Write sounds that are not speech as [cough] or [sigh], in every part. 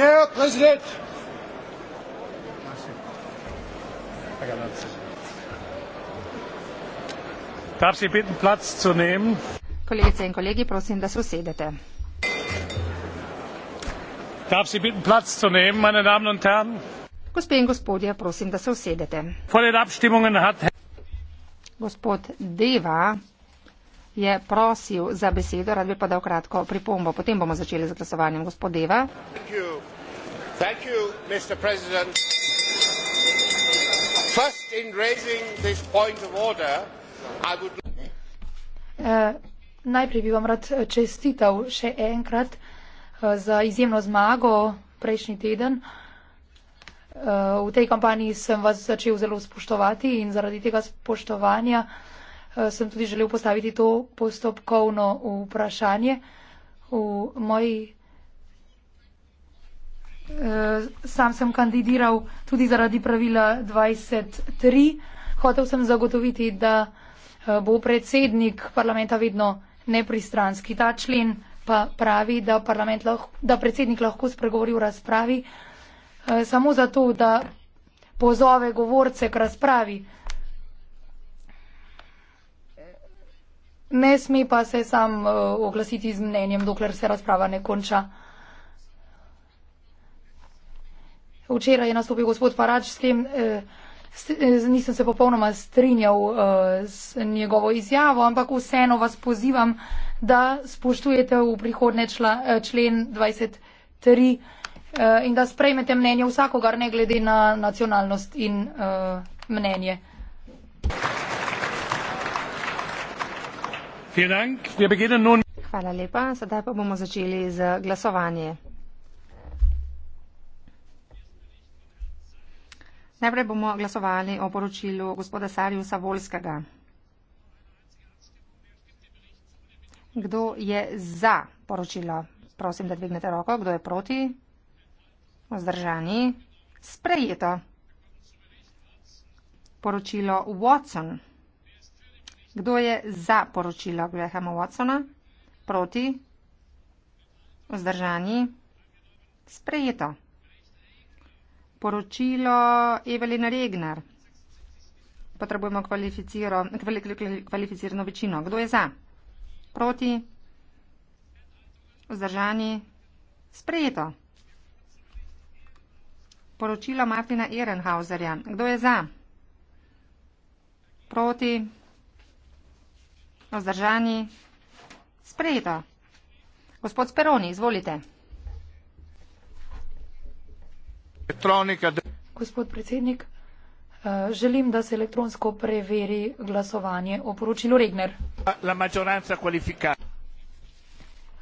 Herr Präsident! Darf Sie bitten, Platz zu nehmen? Kolleginnen und Kollegen, prosim, da susedete. Darf Sie bitten, Platz zu nehmen, meine Damen und Herren? Gospe in gospodje, prosim, da susedete. Vor den Abstimmungen hat Herr... Gospod Deva je prosil za besedo, rad bi podal kratko pripombo. Potem bomo začeli z glasovanjem. Gospod Deva. Thank you mr president first in raising this point of order i would. Eh, najprej bi vam rad eh, čestital še enkrat eh, za izjemno zmago prejšnji teden. V tej kampanji sem vas začel zelo spoštovati in zaradi tega spoštovanja sem tudi želel postaviti to postopkovno vprašanje. V moji Eh, sam sem kandidiral tudi zaradi pravila 23. Hotev sem zagotoviti, da eh, bo predsednik parlamenta vedno nepristranski. Ta člen pa pravi, da, lahko, da predsednik lahko spregovori v razpravi eh, samo zato, da pozove govorce k razpravi. Ne sme pa se sam oglasiti z mnenjem, dokler se razprava ne konča. včeraj je nastopil gospod Farač, s tem eh, s, eh, nisem se popolnoma strinjal eh, s njegovo izjavo, ampak vseeno vas pozivam, da spoštujete v prihodne čla, eh, člen 23 eh, in da sprejmete mnenje vsakogar, ne glede na nacionalnost in eh, mnenje. Hvala lepa. Sedaj pa bomo začeli z glasovanjem. Najprej bomo glasovali o poročilu gospoda Sarjusa Volskega. Kdo je za poročilo? Prosim, da dvignete roko. Kdo je proti? Vzdržani. Sprejeto. Poročilo Watson. Kdo je za poročilo Grahama Watsona? Proti? Vzdržani. Sprejeto poročilo Evelina Regner. Potrebujemo kvalificirano večino. Kdo je za? Proti? Vzdržani? Sprejeto. Poročilo Martina Ehrenhauserja. Kdo je za? Proti? Vzdržani? Sprejeto. Gospod Speroni, izvolite. elektronika. Gospod predsednik, eh, želim, da se elektronsko preveri glasovanje o poročilu Regner. La maggioranza qualifica.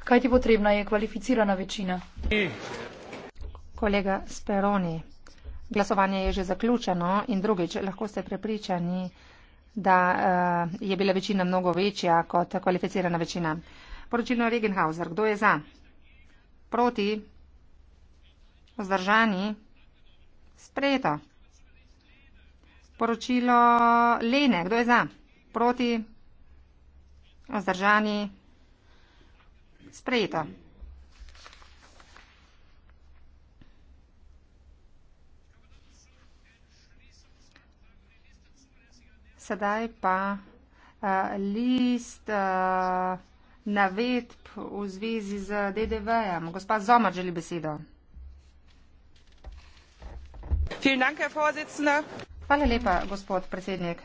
Kaj ti potrebna je kvalificirana večina? I. Kolega Speroni, glasovanje je že zaključeno in drugič, lahko ste prepričani, da eh, je bila večina mnogo večja kot kvalificirana večina. Poročilo Regenhauser, kdo je za? Proti? Vzdržani? Sprejeto. Poročilo Lene, kdo je za? Proti? Ozdržani? Sprejeto. Sedaj pa uh, list uh, navedb v zvezi z DDV-jem. Gospa Zomar želi besedo. Hvala lepa, gospod predsednik.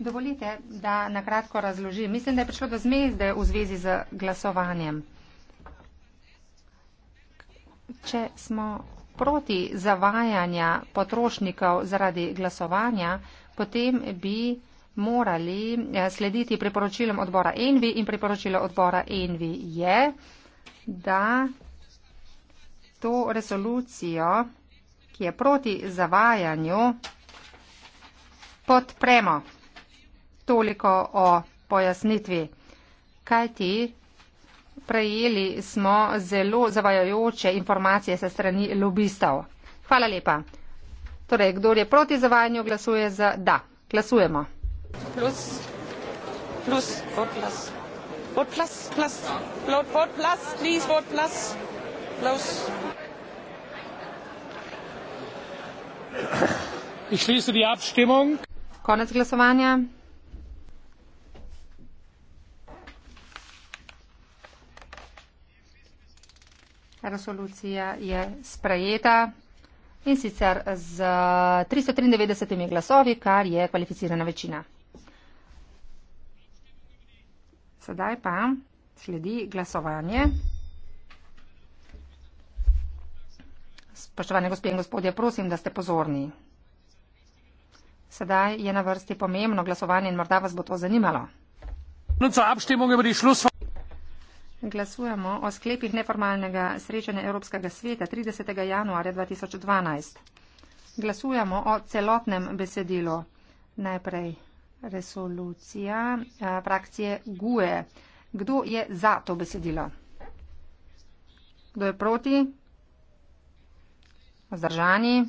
Dovolite, da nakratko razložim. Mislim, da je prišlo do zmezde v zvezi z glasovanjem. Če smo proti zavajanja potrošnikov zaradi glasovanja, potem bi morali eh, slediti priporočilom odbora Envi in priporočilo odbora Envi je, yeah da to resolucijo, ki je proti zavajanju, podpremo. Toliko o pojasnitvi. Kaj ti? Prejeli smo zelo zavajajoče informacije se strani lobistov. Hvala lepa. Torej, kdo je proti zavajanju, glasuje za da. Glasujemo. Plus, plus, Vote plus, plus. Vote, vote plus, please vote plus. Close. Ich schließe die Abstimmung. Konec glasovanja. Resolucija je sprejeta in sicer z 393 glasovi, kar je kvalificirana večina. Sedaj pa sledi glasovanje. Spoštovane gospe in gospodje, prosim, da ste pozorni. Sedaj je na vrsti pomembno glasovanje in morda vas bo to zanimalo. Glasujemo o sklepih neformalnega srečanja Evropskega sveta 30. januarja 2012. Glasujemo o celotnem besedilu. Najprej resolucija eh, frakcije GUE. Kdo je za to besedilo? Kdo je proti? Zdržani?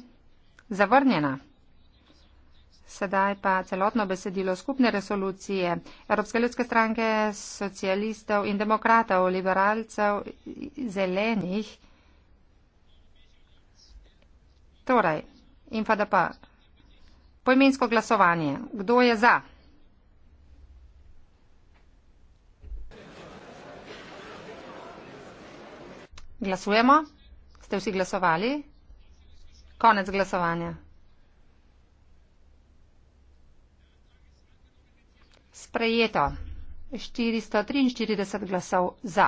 Zavrnjena? Sedaj pa celotno besedilo skupne resolucije Evropske ljudske stranke, socialistov in demokratov, liberalcev, zelenih. Torej, infadapa. Poimensko glasovanje. Kdo je za? Glasujemo? Ste vsi glasovali? Konec glasovanja. Sprejeto. 443 glasov za.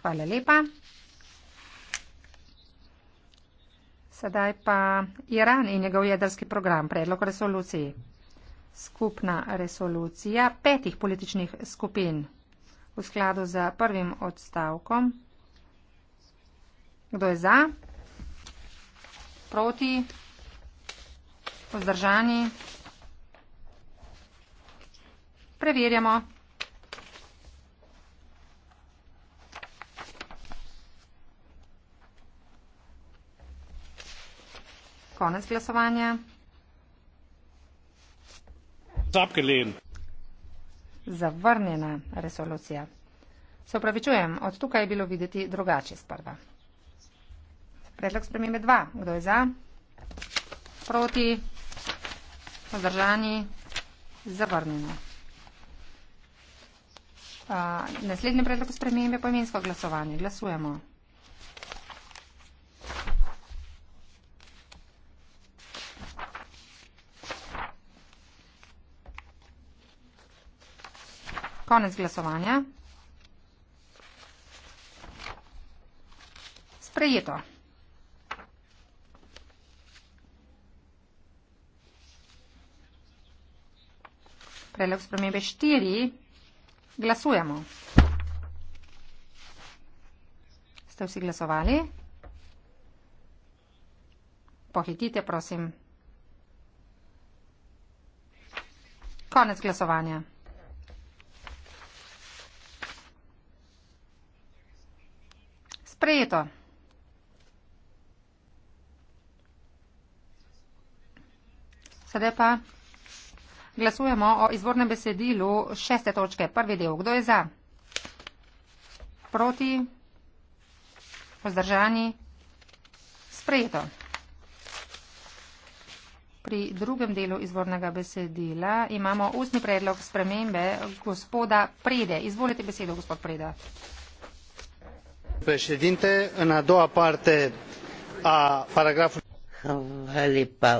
Hvala lepa. Sedaj pa Iran in njegov jedrski program, predlog resoluciji. Skupna resolucija petih političnih skupin v skladu z prvim odstavkom. Kdo je za? Proti? Vzdržani? Preverjamo. Konec glasovanja. Zavrnjena resolucija. Se upravičujem, od tukaj je bilo videti drugače sprva. Predlog spremembe 2. Kdo je za? Proti? Zdržani? Zavrnjeno. Naslednji predlog spremembe je poimensko glasovanje. Glasujemo. Konec glasovanja. Sprejeto. Predlog spremembe 4. Glasujemo. Ste vsi glasovali? Pohitite, prosim. Konec glasovanja. sprejeto. Sedaj pa glasujemo o izvornem besedilu šeste točke. Prvi del, kdo je za? Proti? Vzdržani? Sprejeto. Pri drugem delu izvornega besedila imamo ustni predlog spremembe gospoda Prede. Izvolite besedo, gospod Preda în a doua parte a paragrafului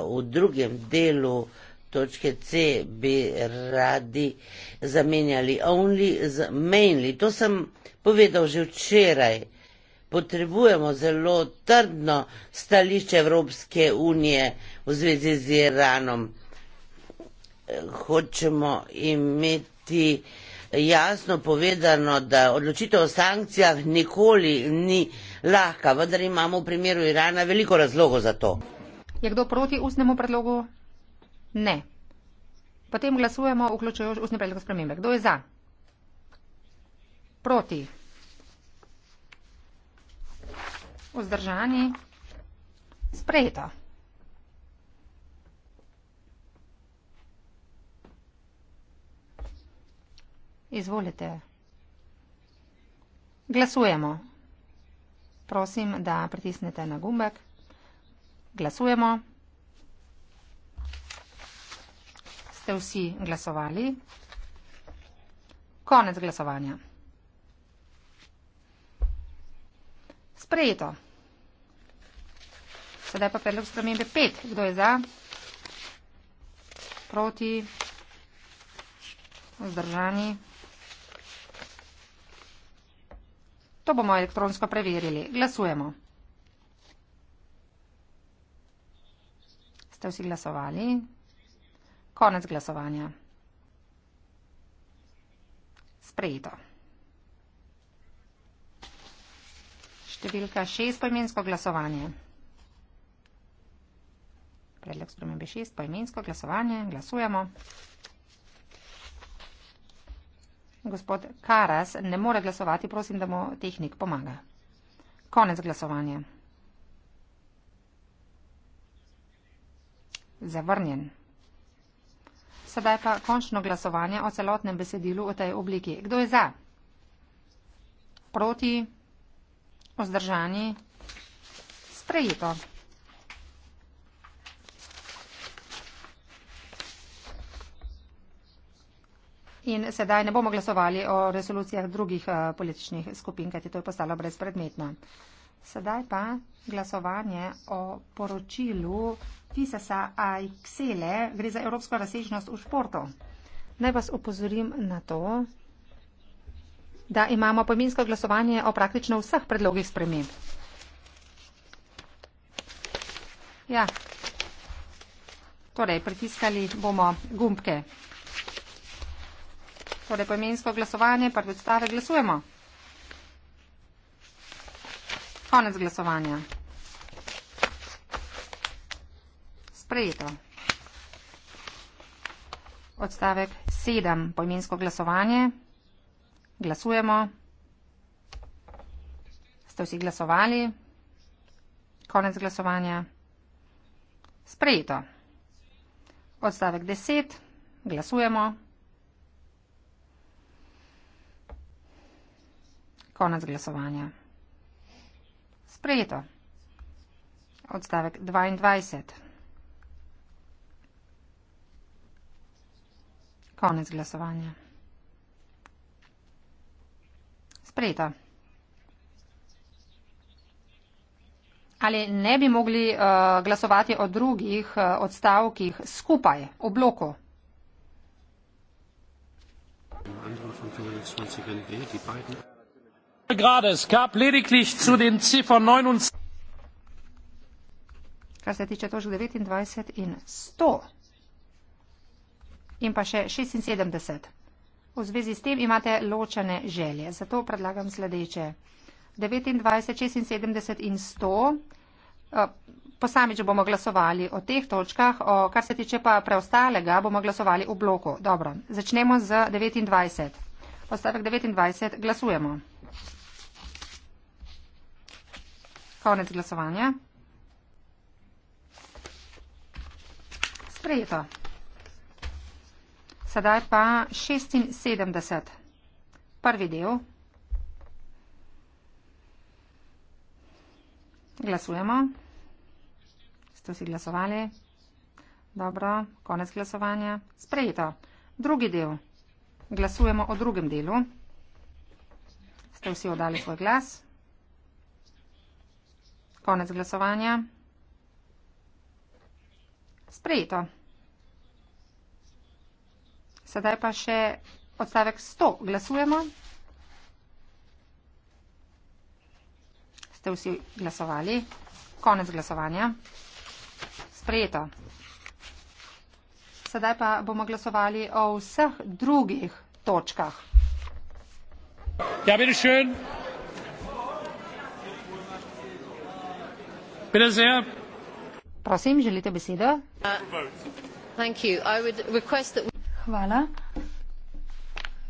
v drugem delu točke C bi radi zamenjali only z mainly. To sem povedal že včeraj. Potrebujemo zelo trdno stališče Evropske unije v zvezi z Iranom. Hočemo imeti uh, jasno povedano, da odločitev o sankcijah nikoli ni lahka, vendar imamo v primeru Irana veliko razlogov za to. Je kdo proti ustnemu predlogu? Ne. Potem glasujemo vključujoč ustne predloge spremembe. Kdo je za? Proti. Vzdržani. Sprejeto. Izvolite. Glasujemo. Prosim, da pritisnete na gumbek. Glasujemo. Ste vsi glasovali? Konec glasovanja. Sprejeto. Sedaj pa predlog spremembe 5. Kdo je za? Proti? Vzdržani? To bomo elektronsko preverili. Glasujemo. Ste vsi glasovali? Konec glasovanja. Sprejeto. Številka šest poimensko glasovanje. Predlog spremembe šest poimensko glasovanje. Glasujemo. Gospod Karas ne more glasovati, prosim, da mu tehnik pomaga. Konec glasovanja. Zavrnjen. Sedaj pa končno glasovanje o celotnem besedilu v tej obliki. Kdo je za? Proti? Ozdržani? Sprejito. In sedaj ne bomo glasovali o resolucijah drugih eh, političnih skupin, kajti to je postalo brezpredmetno. Sedaj pa glasovanje o poročilu Fisasa Aixele, gre za evropsko razsežnost v športu. Naj vas upozorim na to, da imamo pominsko glasovanje o praktično vseh predlogih sprememb. Ja, torej pritiskali bomo gumbke. Torej poimensko glasovanje, prvi odstavek, glasujemo. Konec glasovanja. Sprejeto. Odstavek 7. Poimensko glasovanje. Glasujemo. Ste vsi glasovali? Konec glasovanja. Sprejeto. Odstavek 10. Glasujemo. Konec glasovanja. Sprejeto. Odstavek 22. Konec glasovanja. Sprejeto. Ali ne bi mogli uh, glasovati o drugih uh, odstavkih skupaj, v bloku? grade es gab lediglich zu den ziffern kar se tiče točk devetindvajset in sto in pa še šestinsedemdeset v zvezi s tem imate ločene želje zato predlagam sledeče devetindvajset šestinsedemdeset in sto eh, posamič bomo glasovali o teh točkah o kar se tiče pa preostalega bomo glasovali v bloku dobro začnemo z devetindvajset postavek devetindvajset glasujemo Konec glasovanja. Sprejeto. Sedaj pa 76. Prvi del. Glasujemo. Ste vsi glasovali? Dobro, konec glasovanja. Sprejeto. Drugi del. Glasujemo o drugem delu. Ste vsi oddali svoj glas? Konec glasovanja. Sprejeto. Sedaj pa še odstavek 100. Glasujemo. Ste vsi glasovali? Konec glasovanja. Sprejeto. Sedaj pa bomo glasovali o vseh drugih točkah. Ja, bitte schön. Prosim, želite besedo? Hvala.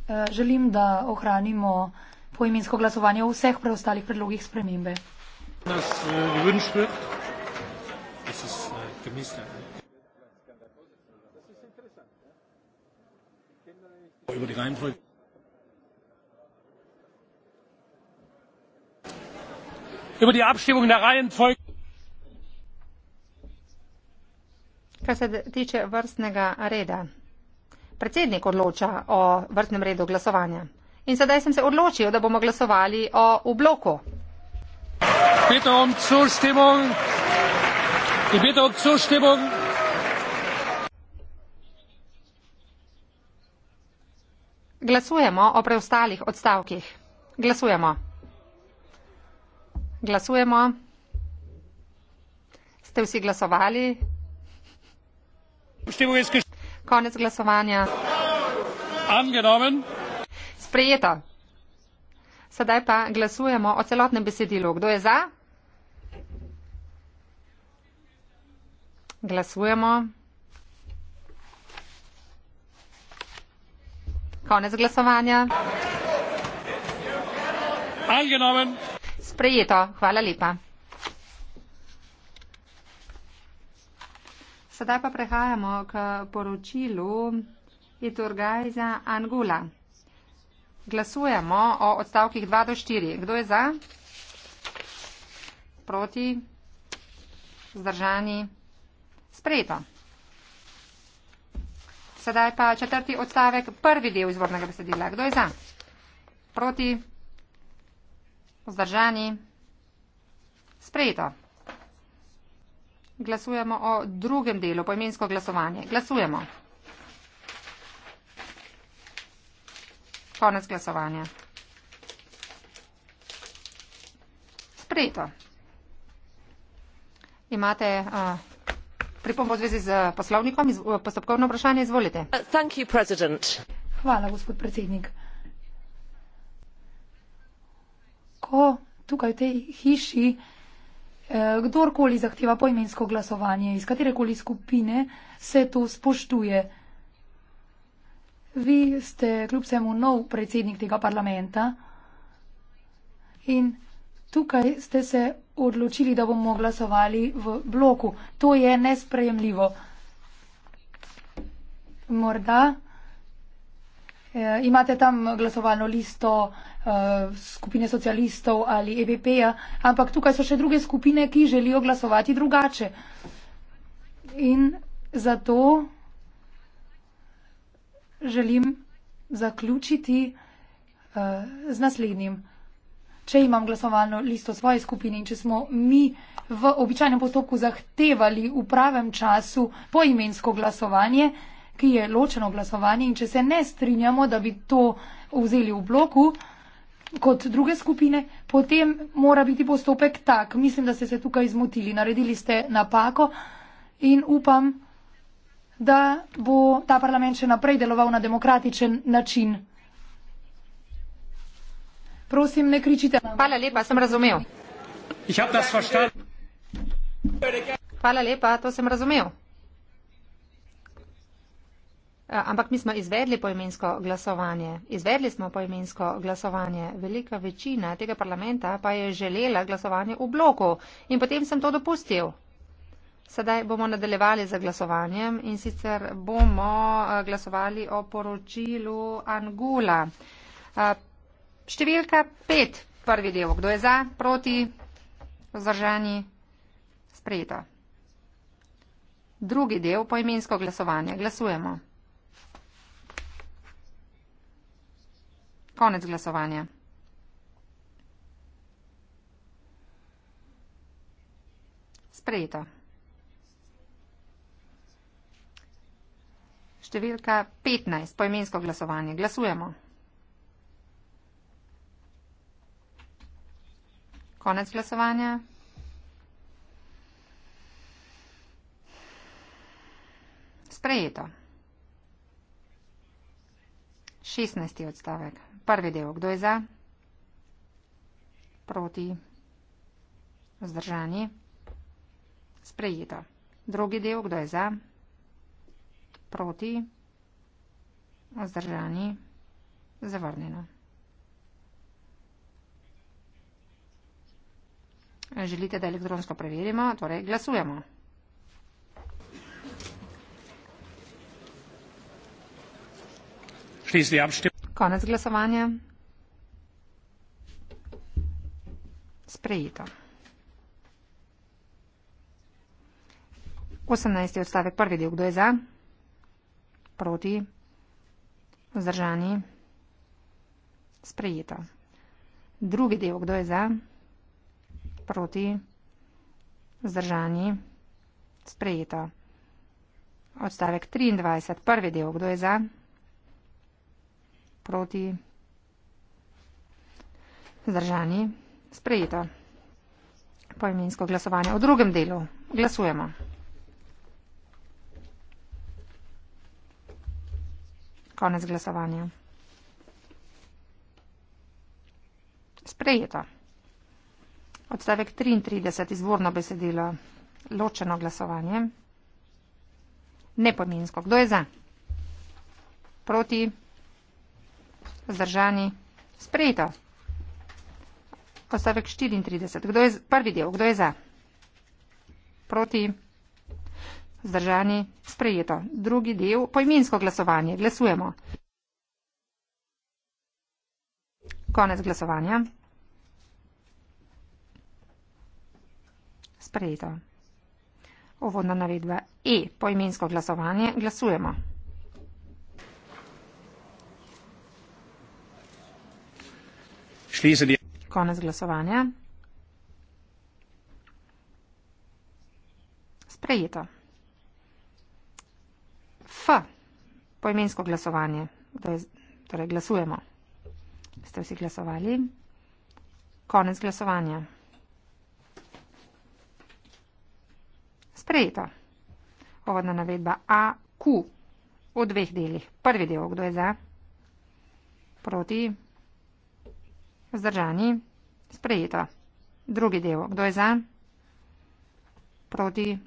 Eh, želim, da ohranimo poimensko glasovanje o vseh preostalih predlogih spremembe. Eh, äh, Über die Abstimmung der Reihenfolge. Kar se tiče vrstnega reda. Predsednik odloča o vrstnem redu glasovanja. In sedaj sem se odločil, da bomo glasovali o bloku. Um um Glasujemo o preostalih odstavkih. Glasujemo. Glasujemo. Ste vsi glasovali? Abstimmung ist angenommen. Sprejeto. Sedaj pa glasujemo o celotnem besedilu. Kdo je za? Glasujemo. Konec glasovanja. Angenomen. Sprejeto. Hvala lepa. Sedaj pa prehajamo k poročilu Iturgajza Angula. Glasujemo o odstavkih 2 do 4. Kdo je za? Proti? Zdržani? Sprejeto. Sedaj pa četrti odstavek, prvi del izvornega besedila. Kdo je za? Proti? Zdržani? Sprejeto glasujemo o drugem delu, poimensko glasovanje. Glasujemo. Konec glasovanja. Sprejeto. Imate uh, pripombo v zvezi z poslovnikom, iz, eh, postopkovno vprašanje, izvolite. Uh, Hvala, gospod predsednik. Ko tukaj v tej hiši Eh, kdorkoli zahteva poimensko glasovanje iz katerekoli skupine, se to spoštuje. Vi ste kljub vsemu nov predsednik tega parlamenta in tukaj ste se odločili, da bomo glasovali v bloku. To je nesprejemljivo. Morda. Eh, imate tam glasovalno listo eh, skupine socialistov ali EPP-ja, ampak tukaj so še druge skupine, ki želijo glasovati drugače. In zato želim zaključiti eh, z naslednjim. Če imam glasovalno listo svoje skupine in če smo mi v običajnem postopku zahtevali v pravem času poimensko glasovanje, ki je ločeno glasovanje in če se ne strinjamo, da bi to vzeli v bloku kot druge skupine, potem mora biti postopek tak. Mislim, da ste se tukaj izmotili, naredili ste napako in upam, da bo ta parlament še naprej deloval na demokratičen način. Prosim, ne kričite. Hvala lepa, sem razumel. Hvala lepa, to sem razumel. Eh, ampak mi smo izvedli poimensko glasovanje. Izvedli smo poimensko glasovanje. Velika večina tega parlamenta pa je želela glasovanje v bloku in potem sem to dopustil. Sedaj bomo nadaljevali z glasovanjem in sicer bomo eh, glasovali o poročilu Angula. Eh, številka pet, prvi del. Kdo je za, proti, vzdržani, sprejeta. Drugi del poimensko glasovanje. Glasujemo. Konec glasovanja. Sprejeto. Številka 15, poimensko glasovanje. Glasujemo. Konec glasovanja. Sprejeto. 16. odstavek. Prvi del. Kdo je za? Proti. Vzdržani. Sprejeto. Drugi del. Kdo je za? Proti. Vzdržani. Zavrnjeno. Želite, da elektronsko preverimo? Torej, glasujemo. Konec glasovanja. Sprejeto. 18. odstavek, prvi del, kdo je za? Proti? Zdržani? Sprejeto. Drugi del, kdo je za? Proti? Zdržani? Sprejeto. Odstavek 23, prvi del, kdo je za? Proti? proti zdržani sprejeta. Poimensko glasovanje. V drugem delu glasujemo. Konec glasovanja. Sprejeta. Odstavek 33, izvorno besedilo, ločeno glasovanje. Nepoimensko. Kdo je za? Proti vzdržani, sprejeto. Postavek 34. Kdo je, prvi del, kdo je za? Proti, vzdržani, sprejeto. Drugi del, poimensko glasovanje. Glasujemo. Konec glasovanja. Sprejeto. Uvodna navedba E. Poimensko glasovanje. Glasujemo. Konec glasovanja. Sprejeto. F. Poimensko glasovanje. Torej glasujemo. Ste vsi glasovali? Konec glasovanja. Sprejeto. Povodna navedba A, Q. V dveh delih. Prvi del, kdo je za? Proti. Zdržani. Sprejeto. Drugi del. Kdo je za? Proti.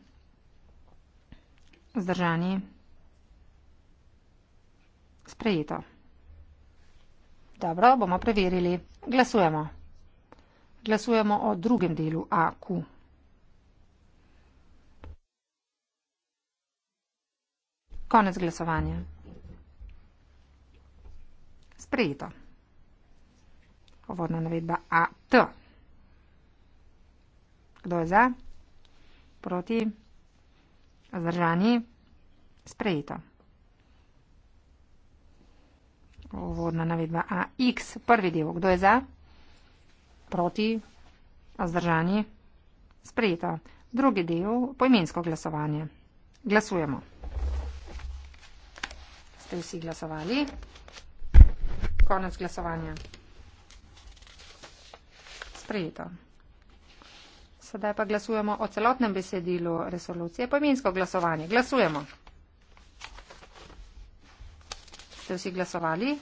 Zdržani. Sprejeto. Dobro, bomo preverili. Glasujemo. Glasujemo o drugem delu AQ. Konec glasovanja. Sprejeto. Uvodna navedba A, T. Kdo je za? Proti? Zdržani? Sprejeto. Uvodna navedba A, X. Prvi del. Kdo je za? Proti? Zdržani? Sprejeto. Drugi del. Pojmensko glasovanje. Glasujemo. Ste vsi glasovali? Konec glasovanja sprejeto. Sedaj pa glasujemo o celotnem besedilu resolucije, pojmensko glasovanje. Glasujemo. Ste vsi glasovali?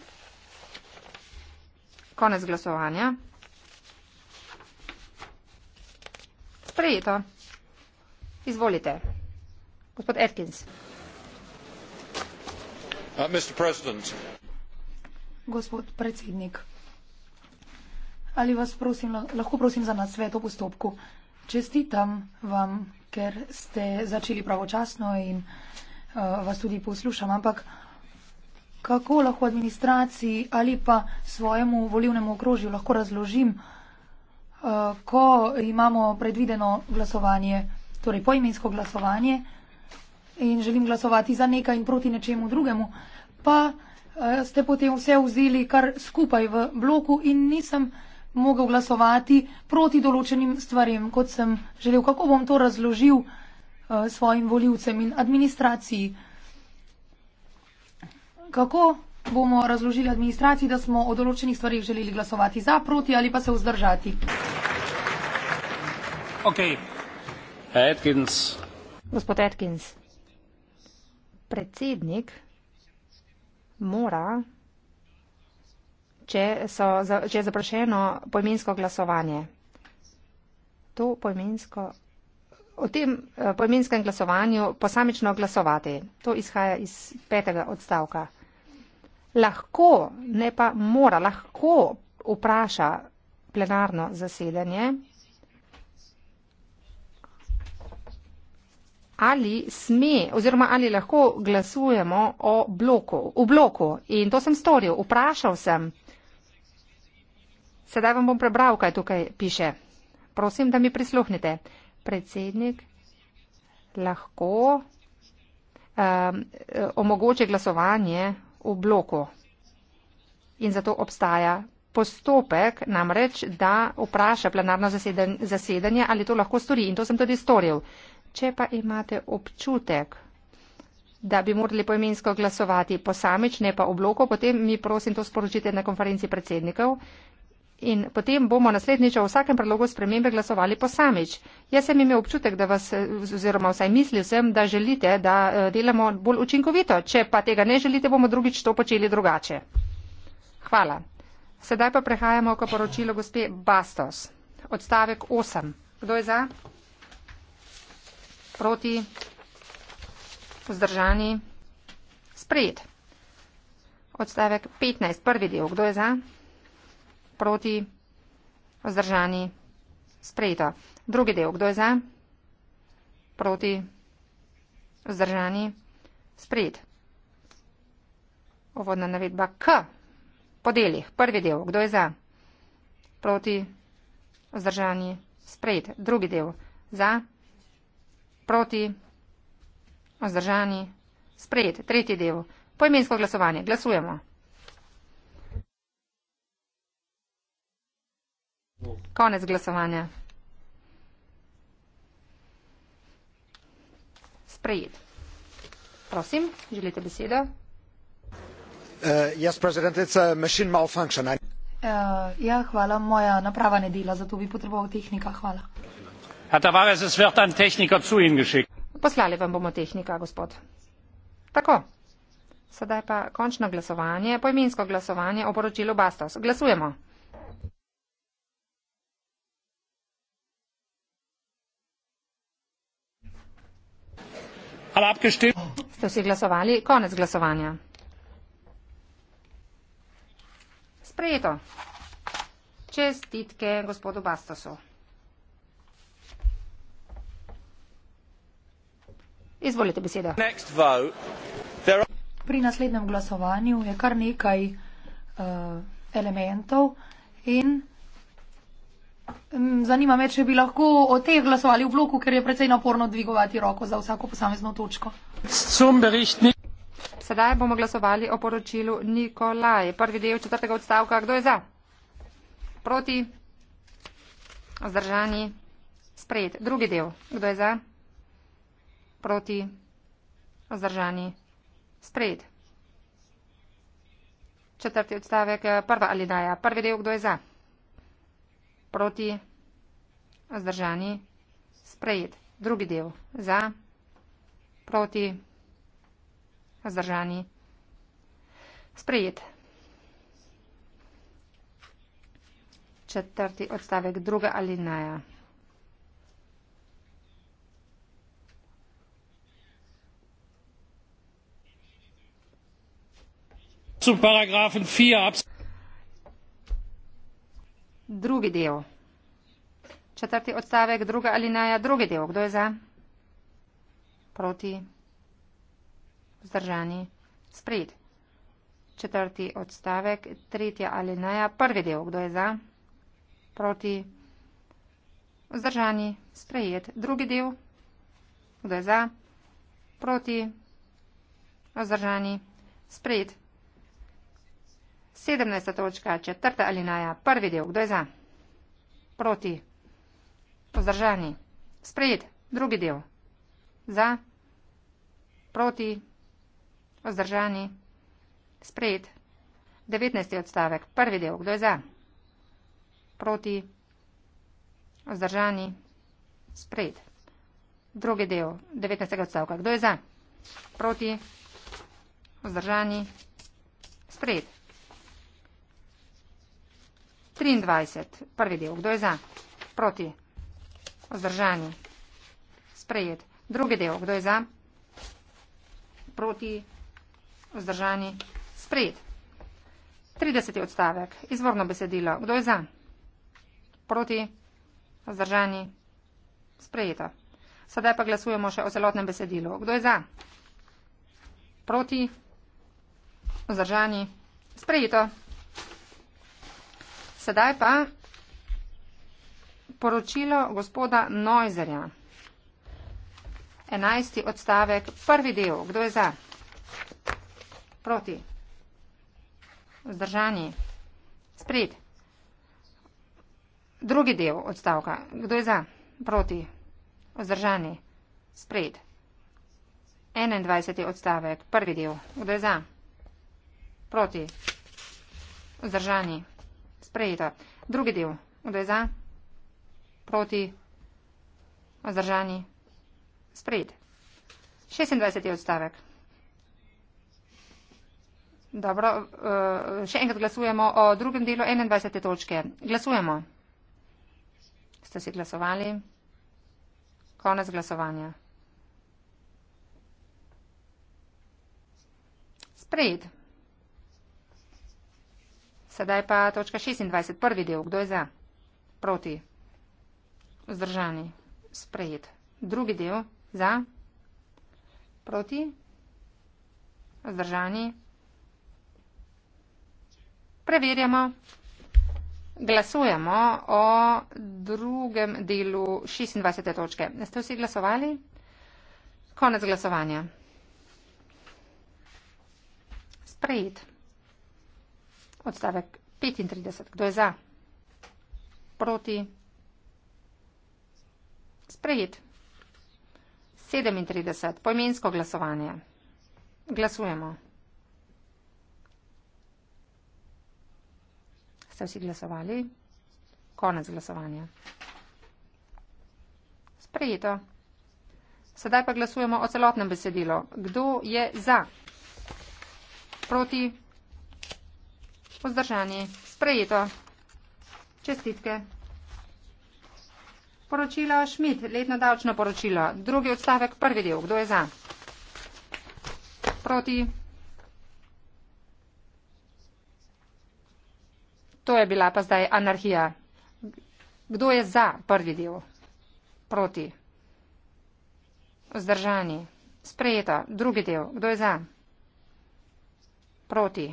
Konec glasovanja. Sprejeto. Izvolite. Gospod Atkins. Uh, Gospod predsednik. Ali vas prosim, lahko prosim za nasvet o postopku? Čestitam vam, ker ste začeli pravočasno in uh, vas tudi poslušam, ampak kako lahko administraciji ali pa svojemu volivnemu okrožju lahko razložim, uh, ko imamo predvideno glasovanje, torej poimensko glasovanje in želim glasovati za nekaj in proti nečemu drugemu, pa uh, ste potem vse vzeli kar skupaj v bloku in nisem mogel glasovati proti določenim stvarem, kot sem želel. Kako bom to razložil uh, svojim voljivcem in administraciji? Kako bomo razložili administraciji, da smo o določenih stvarih želeli glasovati za, proti ali pa se vzdržati? Okay. Atkins. Gospod Atkins, predsednik mora če, so, če je zaprašeno pojmensko glasovanje. To pojmensko, o tem eh, pojmenskem glasovanju posamično glasovati. To izhaja iz petega odstavka. Lahko, ne pa mora, lahko vpraša plenarno zasedanje, ali sme oziroma ali lahko glasujemo o bloku, v bloku. In to sem storil, vprašal sem Sedaj vam bom prebral, kaj tukaj piše. Prosim, da mi prisluhnete. Predsednik lahko um, omogoče glasovanje v bloku. In zato obstaja postopek, namreč, da vpraša plenarno zasedanje, ali to lahko stori. In to sem tudi storil. Če pa imate občutek, da bi morali poimensko glasovati posamične pa v bloku, potem mi prosim to sporočite na konferenci predsednikov. Uh, in potem bomo naslednjič o vsakem predlogu spremembe glasovali posamič. Jaz sem imel občutek, da vas, oziroma vsaj mislil sem, da želite, da eh, delamo bolj učinkovito. Če pa tega ne želite, bomo drugič to počeli drugače. Hvala. Sedaj pa prehajamo k poročilu gospe Bastos. Odstavek 8. Kdo je za? Proti? Vzdržani? Sprejet. Odstavek 15. Prvi del. Kdo je za? proti vzdržani sprejeto. Drugi del, kdo je za proti vzdržani sprejet. Ovodna navedba K po delih. Prvi del, kdo je za proti vzdržani sprejet. Drugi del, za proti vzdržani sprejet. Tretji del, poimensko glasovanje. Glasujemo. Konec glasovanja. Sprejet. Prosim, želite besedo? Uh, yes, president, it's a machine malfunction. I... Uh, ja, hvala, moja naprava ne dela, zato bi potreboval tehnika. Hvala. Tavares, es wird ein Techniker zu Ihnen geschickt. Poslali vam bomo tehnika, gospod. Tako. Sedaj pa končno glasovanje, poimensko glasovanje o poročilu Bastos. Glasujemo. ste vsi glasovali konec glasovanja sprejeto čestitke gospodu bastosu izvolite besedo pri naslednjem glasovanju je kar nekaj uh, elementov in Zanima me, če bi lahko o teh glasovali v bloku, ker je precej naporno dvigovati roko za vsako posamezno točko. Sedaj bomo glasovali o poročilu Nikolaj. Prvi del četrtega odstavka. Kdo je za? Proti? Zdržani? Sprejet. Drugi del. Kdo je za? Proti? Zdržani? Sprejet. Četrti odstavek. Eh, prva ali daja. Prvi del. Kdo je za? Proti? proti vzdržani sprejet. Drugi del za proti vzdržani sprejet. Četrti odstavek druga alinaja. Subparagrafen 4 abs drugi del. Četrti odstavek, druga alineja, drugi del. Kdo je za? Proti. Zdržani. Sprit. Četrti odstavek, tretja alineja, prvi del. Kdo je za? Proti. Vzdržani, sprejet. Drugi del, kdo je za, proti, vzdržani, sprejet. 17. točka, četrta alinaja, prvi del, kdo je za? Proti. Vzdržani. Sprejet, drugi del. Za. Proti. Vzdržani. Sprejet. 19. odstavek, prvi del, kdo je za? Proti. Vzdržani. Sprejet. Drugi del 19. odstavka. Kdo je za? Proti. Vzdržani. Sprejet. 23. Prvi del. Kdo je za? Proti. Vzdržani. Sprejet. Drugi del. Kdo je za? Proti. Vzdržani. Sprejet. 30. odstavek. Izvorno besedilo. Kdo je za? Proti. Vzdržani. Sprejeto. Sedaj pa glasujemo še o celotnem besedilu. Kdo je za? Proti. Vzdržani. Sprejeto. Sedaj pa poročilo gospoda Nojzerja. Enajsti odstavek, prvi del. Kdo je za? Proti. Zdržani. Sprit. Drugi del odstavka. Kdo je za? Proti. Zdržani. Sprit. 21. odstavek, prvi del. Kdo je za? Proti. Zdržani sprejeta. Drugi del. Kdo je za? Proti? Ozdržani? Sprejet. 26. odstavek. Dobro, eh, še enkrat glasujemo o drugem delu 21. točke. Glasujemo. Ste si glasovali? Konec glasovanja. Sprejet. Sedaj pa točka 26. Prvi del. Kdo je za? Proti. Zdržani. Sprejet. Drugi del. Za? Proti. Zdržani. Preverjamo. Glasujemo o drugem delu 26. točke. Ste vsi glasovali? Konec glasovanja. Sprejet odstavek 35. Kdo je za? Proti? Sprejet. 37. Pojmensko glasovanje. Glasujemo. Ste vsi glasovali? Konec glasovanja. Sprejeto. Sedaj pa glasujemo o celotnem besedilo. Kdo je za? Proti? Proti? Vzdržanje. Sprejeto. Čestitke. Poročilo Šmit, letno davčno poročilo. Drugi odstavek, prvi del. Kdo je za? Proti. To je bila pa zdaj anarhija. Kdo je za prvi del? Proti. Vzdržanje. Sprejeto. Drugi del. Kdo je za? Proti.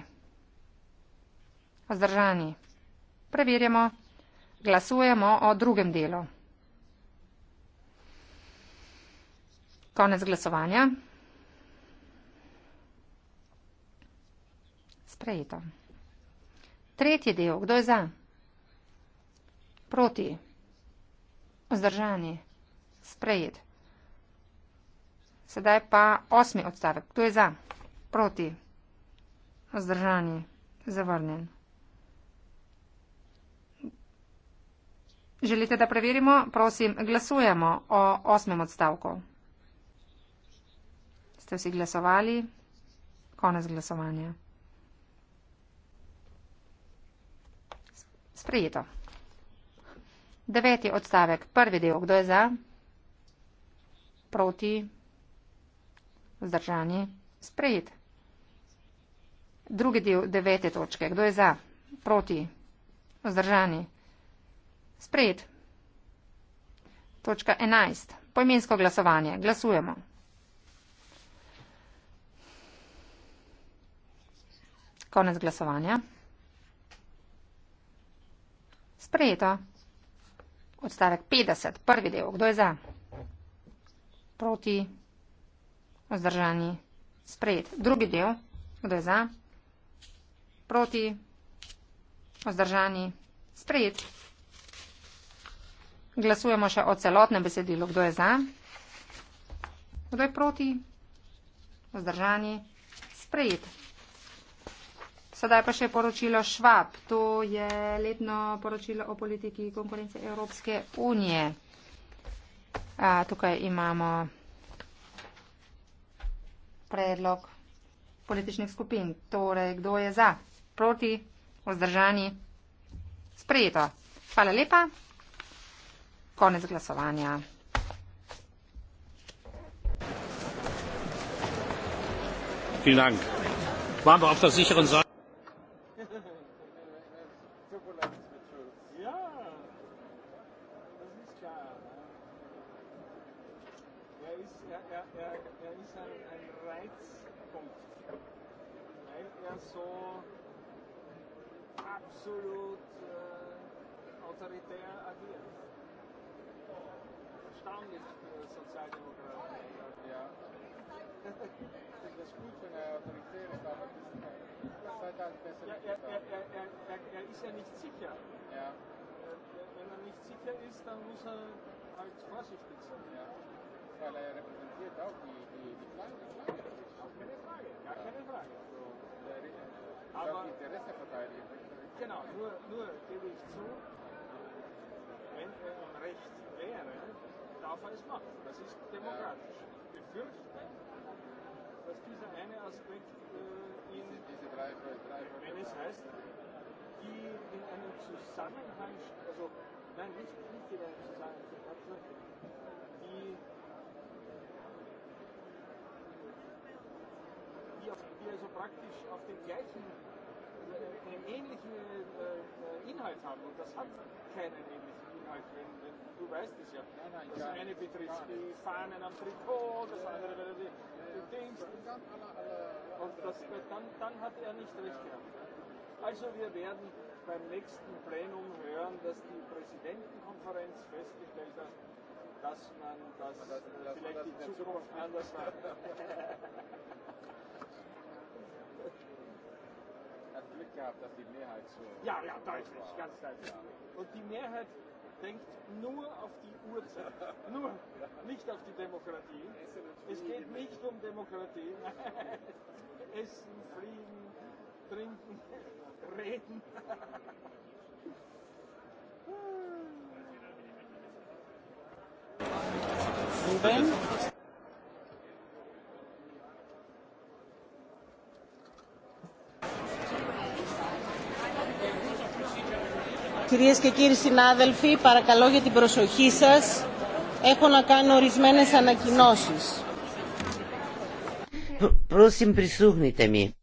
Vzdržani. Preverjamo. Glasujemo o drugem delu. Konec glasovanja. Sprejeto. Tretji del. Kdo je za? Proti. Vzdržani. Sprejet. Sedaj pa osmi odstavek. Kdo je za? Proti. Vzdržani. Zavrnjen. Želite, da preverimo? Prosim, glasujemo o osmem odstavku. Ste vsi glasovali? Konec glasovanja. Sprejeto. Deveti odstavek, prvi del, kdo je za? Proti? Zdržani? Sprejet. Drugi del, devete točke, kdo je za? Proti? Zdržani? Sprejet. Točka 11. Pojmensko glasovanje. Glasujemo. Konec glasovanja. Sprejeto. Odstavek 50. Prvi del. Kdo je za? Proti. Vzdržani. Sprejet. Drugi del. Kdo je za? Proti. Vzdržani. Sprejet. Glasujemo še o celotnem besedilu. Kdo je za? Kdo je proti? Vzdržani? Sprejet. Sedaj pa še poročilo Švab. To je letno poročilo o politiki konkurence Evropske unije. A, tukaj imamo predlog političnih skupin. Torej, kdo je za? Proti? Vzdržani? Sprejeto. Hvala lepa konec glasovanja. però di, di, di flyer, di flyer, anche le flyer, anche le flyer. Ah, ma interessa fatale. Che no, nur, nur gebe ich zu, wenn er im Recht wäre, darf er es machen. Das ist demokratisch. Ich fürchte, dass dieser eine Aspekt äh, in, diese, diese drei, drei, drei, wenn es heißt, die in einem Zusammenhang, also, nein, nicht, nicht in einem Zusammenhang, die also praktisch auf den gleichen, äh, einen ähnlichen äh, äh, Inhalt haben. Und das hat keinen ähnlichen Inhalt, wenn, wenn du weißt es ja. Nein, nein, das eine betrifft die Fahnen am Trikot, das ja, andere ja, ja, die, die ja, Dings. Ja. Und das, dann, dann hat er nicht recht ja. gehabt. Also wir werden beim nächsten Plenum hören, dass die Präsidentenkonferenz festgestellt hat, dass man das, das vielleicht man das äh, in Zukunft anders macht. [laughs] [laughs] erst Glück gehabt, dass die Mehrheit so. Ja, ja, deutlich, war. ganz deutlich. Ja. Und die Mehrheit denkt nur auf die Uhrzeit, [laughs] nur ja. nicht auf die Demokratie. Es ja geht nicht um Demokratie. [laughs] Essen, Frieden, Trinken, [laughs] Reden. Und wenn? Κυρίες και κύριοι συνάδελφοι, παρακαλώ για την προσοχή σας. Έχω να κάνω ορισμένες ανακοινώσεις. Πρόσιμ πρισούχνητε μη.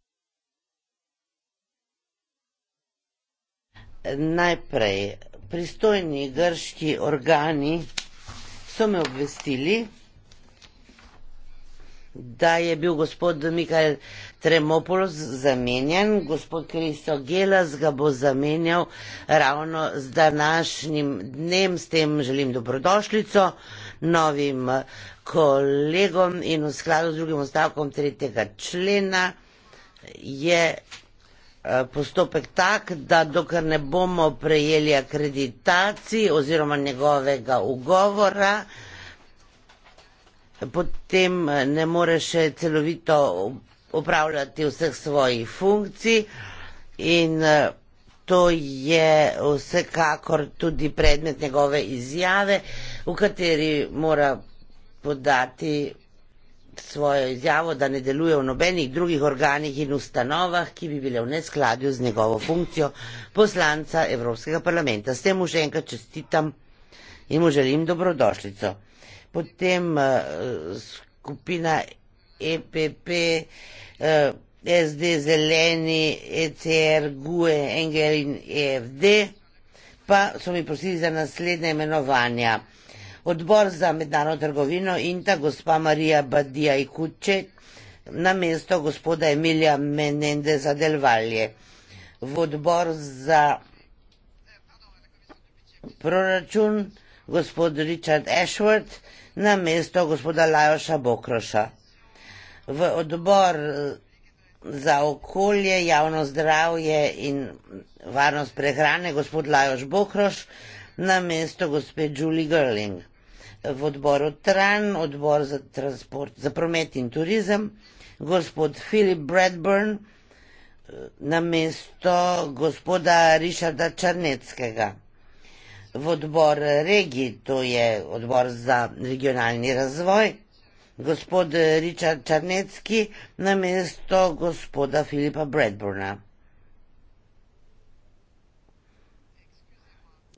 Νάιπρεϊ, πριστόινοι γαρσκοί οργάνοι, σώμε οβεστήλοι, da je bil gospod Mikael Tremopolos zamenjen, gospod Kristo Gelas ga bo zamenjal ravno z današnjim dnem, s tem želim dobrodošlico novim eh, kolegom in v skladu z drugim ostavkom tretjega člena je eh, postopek tak, da dokler ne bomo prejeli akreditacij oziroma njegovega ugovora, potem eh, ne more še celovito upravljati vseh svojih funkcij in eh, to je vsekakor tudi predmet njegove izjave, v kateri mora podati svojo izjavo, da ne deluje v nobenih drugih organih in ustanovah, ki bi bile v neskladju z njegovo funkcijo poslanca Evropskega parlamenta. S tem mu še enkrat čestitam in mu želim dobrodošlico potem uh, skupina EPP, uh, eh, SD Zeleni, ECR, GUE, NGL in EFD, pa so mi prosili za naslednje imenovanja. Odbor za mednarodno trgovino in ta gospa Marija Badija Ikuče na mesto gospoda Emilija Menende za delvalje. V odbor za proračun gospod Richard Ashworth, na mesto gospoda Lajoša Bokroša. V odbor eh, za okolje, javno zdravje in varnost prehrane gospod Lajoš Bokroš na mesto gospe Julie Gerling. V odboru Tran, odbor za, transport, za promet in turizem, gospod Philip Bradburn eh, na mesto gospoda Rišarda Črneckega v odbor regij, to je odbor za regionalni razvoj, gospod Richard Črnecki na mesto gospoda Filipa Bradburna.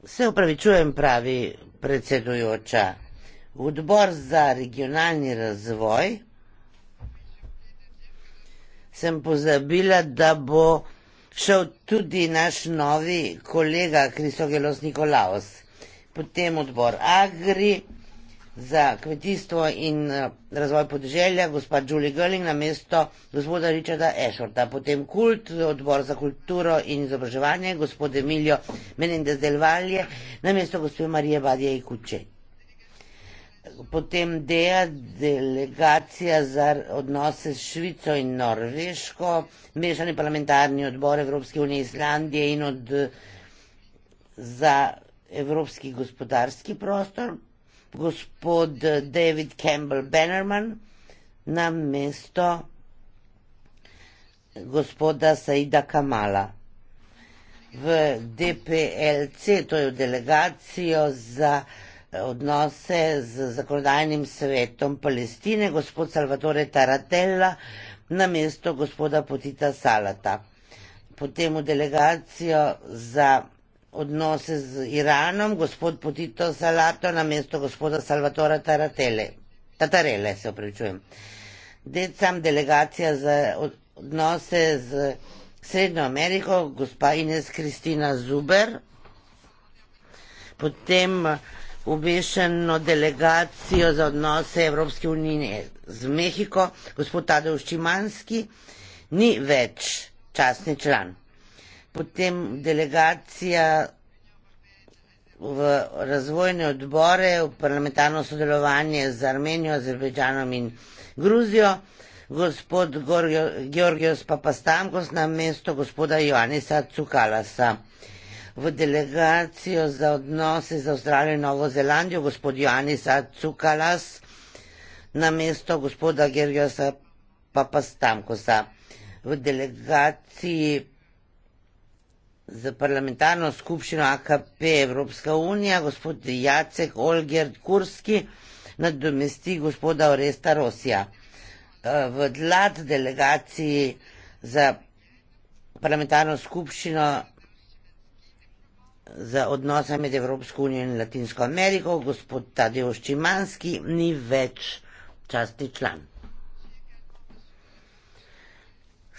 Se upravičujem, pravi predsedujoča, odbor za regionalni razvoj sem pozabila, da bo šel tudi naš novi kolega Kristogelos Nikolaus, potem odbor Agri za kmetijstvo in eh, razvoj podeželja, gospod Julie Gulling na mesto gospoda Richarda Ashorta, potem Kult, odbor za kulturo in izobraževanje, gospod Emilio Menendez del Valje na mesto gospoda Marije Badije Kučet potem dela delegacija za odnose s Švico in Norveško, mešani parlamentarni odbor Evropske unije Islandije in od za evropski gospodarski prostor, gospod David Campbell Bannerman na mesto gospoda Saida Kamala. V DPLC, to je v delegacijo za odnose z zakonodajnim svetom Palestine, gospod Salvatore Taratella, na mesto gospoda Potita Salata. Potem v delegacijo za odnose z Iranom, gospod Potito Salato, na mesto gospoda Salvatora Taratele. Tatarele, se opravičujem. Decam delegacija za odnose z Srednjo Ameriko, gospa Ines Kristina Zuber. Potem obešeno delegacijo za odnose Evropske unije z Mehiko, gospod Tadeusz Čimanski, ni več časni član. Potem delegacija v razvojne odbore, v parlamentarno sodelovanje z Armenijo, Azerbejdžanom in Gruzijo, gospod Georgios Papastangos na mesto gospoda Joanisa Cukalasa v delegacijo za odnose za Avstralijo in Novo Zelandijo, gospod Janisa Cukalas, na mesto gospoda Gergiosa Papastamkosa. V delegaciji za parlamentarno skupščino AKP Evropska unija, gospod Jacek Olgerd Kurski, nadomesti gospoda Oresta Rosija. Eh, v vlad delegaciji za parlamentarno skupščino za odnose med Evropsko unijo in Latinsko Ameriko, gospod Tadeusz Čimanski, ni več časti član.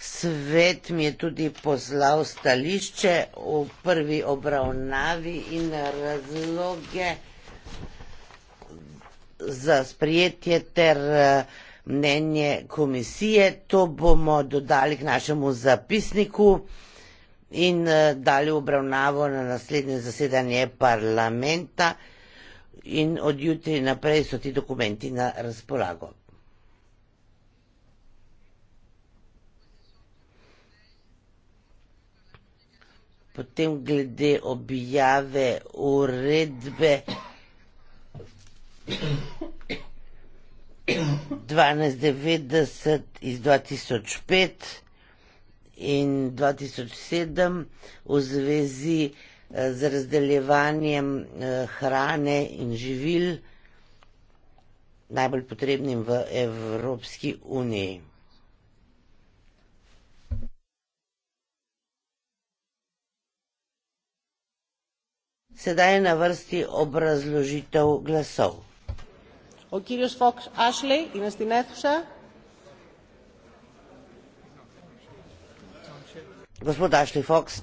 Svet mi je tudi poslal stališče v prvi obravnavi in razloge za sprijetje ter eh, mnenje komisije. To bomo dodali k našemu zapisniku in eh, dali obravnavo na naslednje zasedanje parlamenta in od jutri naprej so ti dokumenti na razpolago. Potem glede objave uredbe 1290 iz 2005 in 2007 v zvezi eh, z razdeljevanjem eh, hrane in živil najbolj potrebnim v Evropski uniji. Sedaj je na vrsti obrazložitev glasov. O Kirjus Fox Ashley in Estinetša. gospod ashley fox